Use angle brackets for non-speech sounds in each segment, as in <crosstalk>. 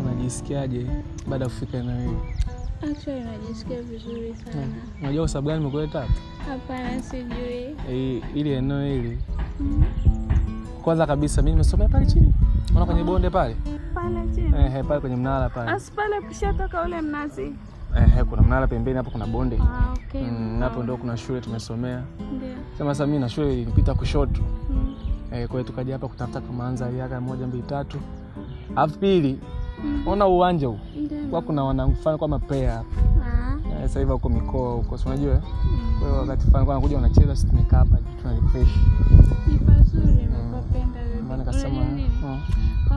Unajisikiaje baada ya kufika eneo hili? Actually najisikia vizuri sana. Eh, unajua kwa sababu gani nimekuleta hapa? Hapana, sijui. Eh, ili eneo hili. mm. Kwanza kabisa mimi nimesomea pale chini. Unaona kwenye oh. bonde pale? Pale chini. Eh, eh pale kwenye mnara pale. Asi pale kushatoka ule mnazi. Eh, eh, kuna mnara pembeni hapo kuna bonde. Ah, okay. Mm, mm-hmm. hapo ndio kuna shule tumesomea. Ndio. Sema sasa mimi na shule ilipita kushoto. Mm. Eh, kwa hiyo tukaja hapa kutafuta kama mandhari yake moja mbili tatu. Alafu pili, hmm. ona uwanja huu kwa kuna wanangu fulani kwa mapea hapa ah. eh, sasa hivi huko mikoa huko, si unajua. Eh? Hmm. Kwa hiyo wakati fulani kwa anakuja wanacheza, sisi tumekaa hapa tuna refresh, ni pazuri. Hmm. Nakupenda wewe, maana kasema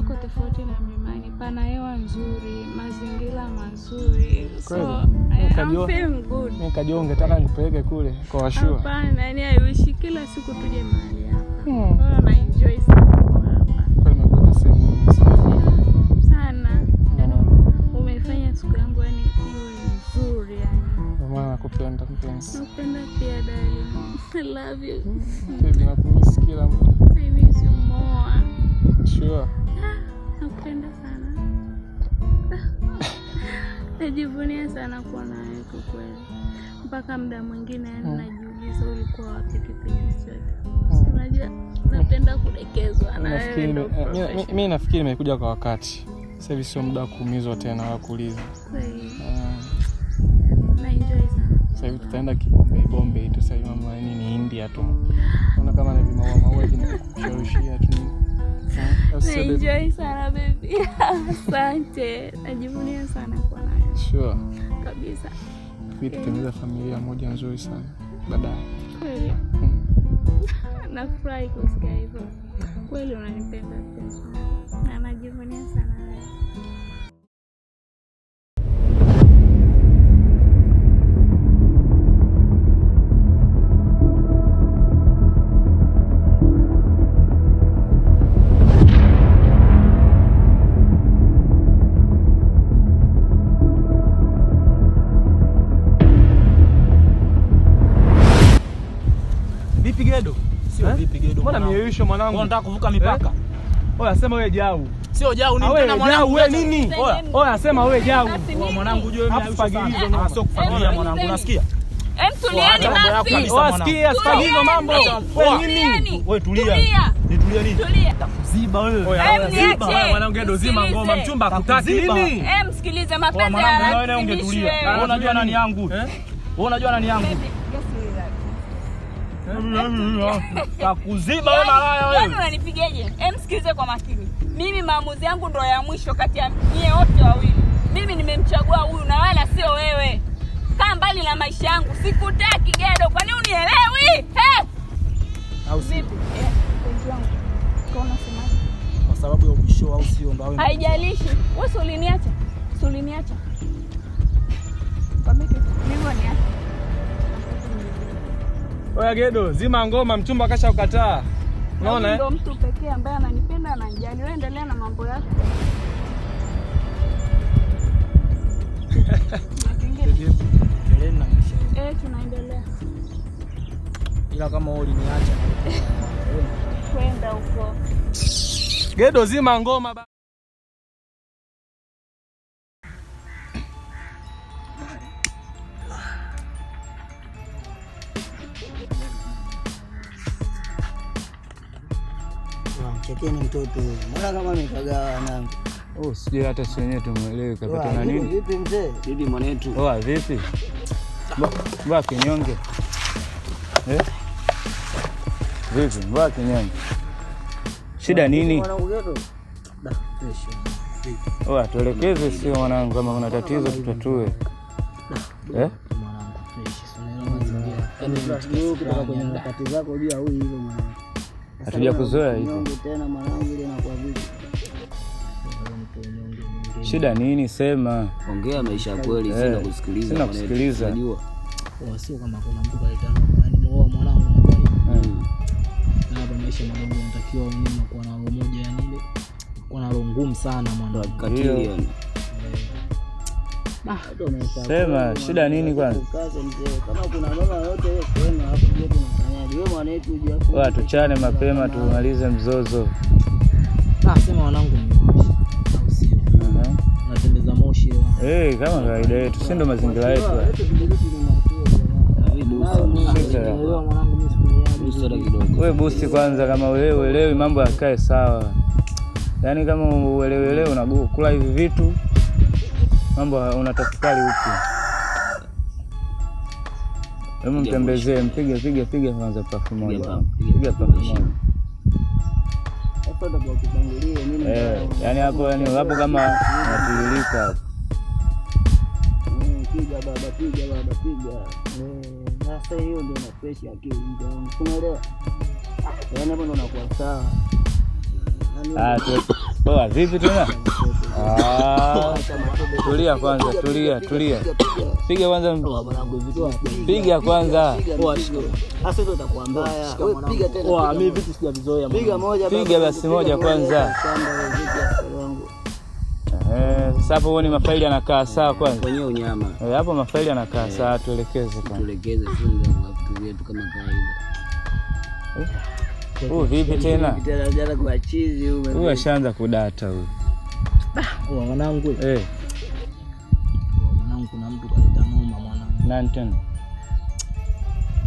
kwa tofauti na mlimani, pana hewa nzuri, mazingira mazuri, so nikajua ungetaka nikupeleke kule kwa washua. Hapana, yani haiwishi kila siku tuje mahali hapa, na enjoy sana hapa. Kwa hiyo nimekuta sehemu nakupenda mpenzi. Nakupenda pia darling. <laughs> I love you. Baby nakumiss kila muda. I miss you more. Sure. Ah, nakupenda sana. <laughs> Najivunia sana kuwa na wewe kwa kweli. Mpaka muda mwingine yani mm. najiuliza ulikuwa wapi kipindi chote. Mm. Unajua napenda kudekezwa na wewe. Mimi nafikiri nimekuja kwa wakati. Sasa hivi sio muda wa kuumizwa tena wala kuuliza. Kweli. Mm sahivi tutaenda kibombe bombe tu, sahivi hivi mambo yani ni India tu. ona kama na vimaua maua hivi nikushawishia tu. Enjoy sana baby. <laughs> Asante. Najivunia sana kwa nayo. Sure. Kabisa. Pia tutengeza familia moja nzuri sana baadaye. Kweli. Hmm. <laughs> Nafurahi kusikia hivyo. Kweli unanipenda pia. Na najivunia sana. vipi gedo? Sio eh? vipi gedo. Mbona mieisho mwanangu? Wewe unataka kuvuka mipaka? Eh, oya sema wewe Jau. Sio Jau nini ah, tena mwanangu? Wewe nini? Oya, oya sema wewe Jau. Wewe mwanangu jua mimi nakufagilia na ah, sio kufagilia mwanangu unasikia? Em tulieni basi. Oya sikia sifagizo mambo. Wewe nini? Wewe tulia. Nitulia nini? Tulia. Takuziba wewe. Oya ziba. Oya mwanangu gedo zima ngoma mchumba akutaki nini? Em msikilize mapenzi ya. Mwanangu wewe ungetulia. Unajua nani yangu? Wewe unajua nani yangu? Eh? Takuziba yaani, wewe malaya yaani kwa makini. Mimi maamuzi yangu ndo ya mwisho kati ya nyie wote wawili. Mimi nimemchagua huyu na wala sio wewe. Kaa mbali na maisha yangu. Sikutaki Gedo. Eh, kwa nini unielewi? Eh? Au Kwa sababu ya ubisho au sio ndio Haijalishi. Wewe uliniacha. Uliniacha. Kwa mimi Oya Gedo, zima ngoma, mchumba kasha ukataa. Unaona? Eh? Ndio mtu pekee ambaye ananipenda ananijali. Wewe endelea na mambo yako. <laughs> Eh, tunaendelea. Ila kama wewe uliniacha. <laughs> Kwenda huko. Gedo, zima ngoma. Mshikeni mtoto, mbona kama amekagawa nangu? Oh, sijui hata si wenyewe tumwelewi kapata na nini. Vipi mzee? Bibi mwanetu. Oh, vipi? Mbona kinyonge. Eh? Vipi mbona kinyonge? Shida nini? Oh, tuelekeze sio mwanangu, kama kuna tatizo tutatue. Eh? Mwanangu fresh. Sio mwanangu. Yaani, yaani mtu kutoka kwenye tatizo zako juu ya huyu hivyo mwanangu kuzoea hivyo Shida nini? Sema, ongea. Maisha ya kweli, sina eh, kusikiliza, sina kusikiliza. Oh, sio kama kuna mtu kaita mwanangu eh. na hapa maisha madogo, unatakiwa mimi kuwa na roho moja, yani ile kuwa na roho ngumu sana mwanangu, katili yani Sema shida nini kwanza? Tuchane mapema tumalize mzozo. Ah, uh-huh. eh. eh, kama kawaida yetu, si ndo mazingira yetu. Ah, We busi kwanza, kama uelewi mambo yakae sawa, yaani kama uelewi, unakula hivi vitu mambo unatafakari upya. Hebu mtembezee, mpige piga piga kwanza pafu moja, piga pafu eh, moja. Yaani hapo yaani hapo kama natiririka hapo. Eh, piga baba, piga baba, piga. Eh, sasa hiyo ndio na ya akili, unaelewa? Yaani hapo ndo nakuwa sawa. Poa ah, vipi tena? Ah, tulia kwanza, tulia, tulia. Piga kwanza. Piga kwanza. Piga basi moja kwanza. Eh, sasa hapo ni mafaili yanakaa sawa kwanza. Kwenye unyama. Eh, hapo mafaili yanakaa sawa tuelekeze kwanza. Tuelekeze kama kawaida. Eh. Huu vipi tena? Huyu ashaanza kudata huyu. Ah, mwanangu. Eh. Mwanangu kuna mtu kaleta noma mwanangu. Nani tena?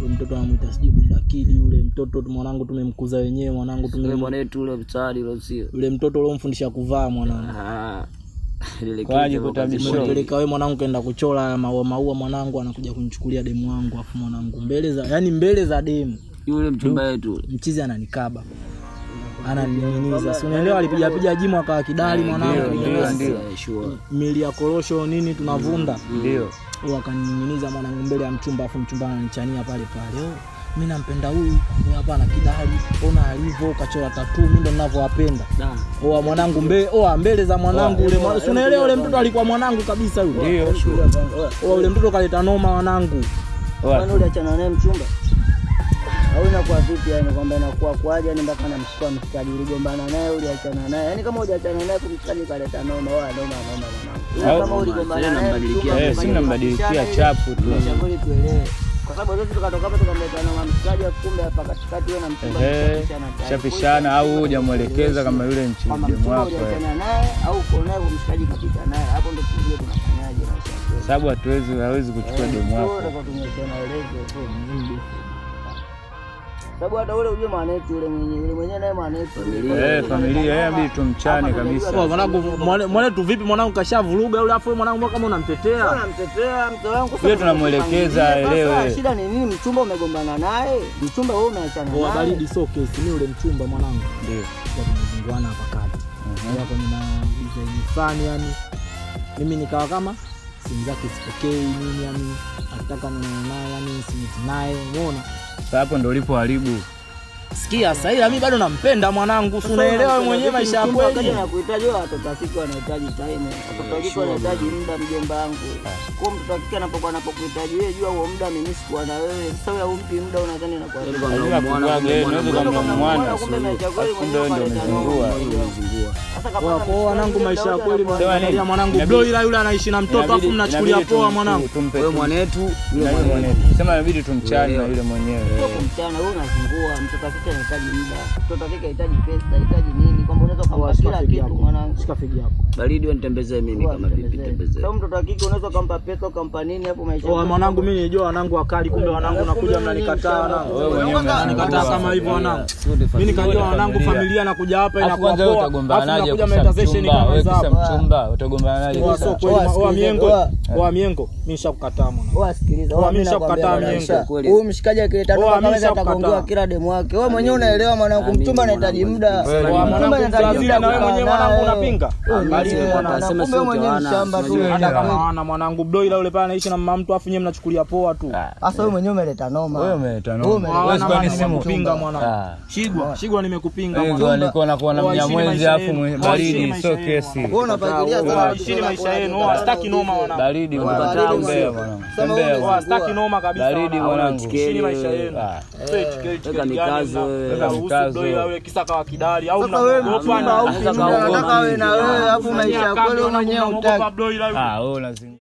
Mtoto anamwita sijui bundakili yule mtoto mwanangu, tumemkuza wenyewe mwanangu, tumemwanetu ule mtari ule sio yule mtoto uliomfundisha kuvaa mwanangu. Ah. <laughs> Peleka mwanangu, kaenda kuchora maua maua mwanangu, anakuja kunichukulia demu wangu, afu mwanangu mbele za, yani mbele za demu yule hmm. mchumba wetu mchizi ananikaba ananiniza si unaelewa, alipiga piga jimu akawa kidali eh, mwanangu, eh, mili ya korosho nini tunavunda, hmm, ndio huyo akanininiza mwanangu mbele ya mchumba, afu mchumba ananichania pale pale, oh, mimi nampenda huyu hapa na kidali, ona alivyo kachora tatu, mimi ndo ninavyowapenda. Oa mwanangu mbele, oa mbele za mwanangu ule, si unaelewa, ule mtoto alikuwa mwanangu kabisa yule, ndio oa ule mtoto kaleta noma wanangu, oa ule achana naye mchumba au inakuwa vipi? Yani kwamba inakuwa kwaje? Yani mpaka namshukua mshikaji, uligombana naye, uliachana naye, yani kama hujaachana naye kumshikaji kaleta noma wala noma noma noma, yaani yaani kama uligombana naye, nambadilikia eh, si nambadilikia chapu tu, shauri tuelewe kwa sababu sisi tukatoka hapa tukamleta na mshikaji, kumbe hapa katikati wewe na mchumba mshapishana, au hujamwelekeza kama yule mchumba wako naye, au uko naye mshikaji kapita naye, hapo ndo tujue tunafanyaje, sababu hatuwezi hawezi kuchukua eh, demu wako sababu hata ule ujue manetu ule mwenyewe ule mwenyewe naye manetu eh, familia eh, bidi tumchane kabisa. Kwa oh, mwanangu, mwanetu vipi mwanangu, kashavuruga ule, afu mwanangu kama unamtetea, unamtetea mtoto wangu. Sio, tunamuelekeza elewe. Shida ni nini? Mchumba umegombana naye, mchumba wewe umeachana oh, naye, baridi sio kesi. Mimi ule mchumba mwanangu, ndio tunazunguana hapa kati, uh-huh. hapo nina design fulani, yani mimi nikawa kama simu zake sipokei nini, yani ataka ninaye, yani simtinaye, umeona sasa hapo ndo ulipo haribu. Sikia sasa hivi mimi bado nampenda mwanangu, si unaelewa wewe mwenyewe maisha ya kweli. Wakati nakuhitaji wewe, watoto wa kike wanahitaji time, watoto wa kike wanahitaji muda, mjomba wangu. Ah. Kwa mtoto wa kike anapokuwa anapokuhitaji wewe, jua huo muda mimi sikuwa na wewe. Sasa wewe umpi muda, unadhani na kwa sababu unamwona mwana, kumbe ndio ya kweli mwenyewe unazindua. Poa wanangu, maisha ya kweli mwanangu, mwanangu bro, ila yule anaishi na mtoto afu mnachukulia poa mwanangu. Wewe mwanetu, yule yaani mwanetu. Sema inabidi tumchane na yule mwenyewe. Kumchana wewe unazingua mtoto mtoto anahitaji muda, mtoto kike anahitaji pesa, anahitaji nini, kwamba unaweza kumpa kila kitu mwanangu. Shika figi yako baridi, wewe nitembezee mimi kama vipi? Tembezee sasa. mtoto kike, unaweza kumpa pesa, kumpa nini hapo maisha. Oh, mwanangu mimi nijua wanangu wakali, kumbe wanangu nakuja mnanikataa na wewe mwenyewe unanikataa kama hivyo wanangu. Mimi nikajua wanangu familia nakuja hapa inakuwa poa, utagombanaje kwa meditation kama za mchumba, utagombana utagombanaje kwa soko wa miengo wa miengo. Mimi nishakukataa mwanangu, wewe sikiliza, wewe mimi nishakukataa miengo. Huyu mshikaji akileta ndoa kama atagondoa kila demu wake mwenyewe unaelewa mwanangu, mtumba anahitaji muda, Mtumba anahitaji muda. Na wewe mwenyewe mwanangu unapinga, kumbe mwenyewe ni shamba tu. Hata mwanangu bdo, ila yule pale anaishi na mama mtu, afu nyewe mnachukulia poa tu. Ah. Sasa wewe mwenyewe umeleta noma, wewe umeleta noma, wewe sio ni simu kupinga mwanangu. Ah. Shigwa shigwa, nimekupinga mwanangu, nilikuwa nakuwa na mnyamwezi, afu baridi, sio kesi. Wewe unafadhilia sana, ishini maisha yenu. Hastaki noma mwanangu, baridi mwanangu, hastaki noma kabisa, baridi mwanangu, ishini maisha yenu. Weka ni kazi na wewe, afu maisha ya mwenyewe utaki.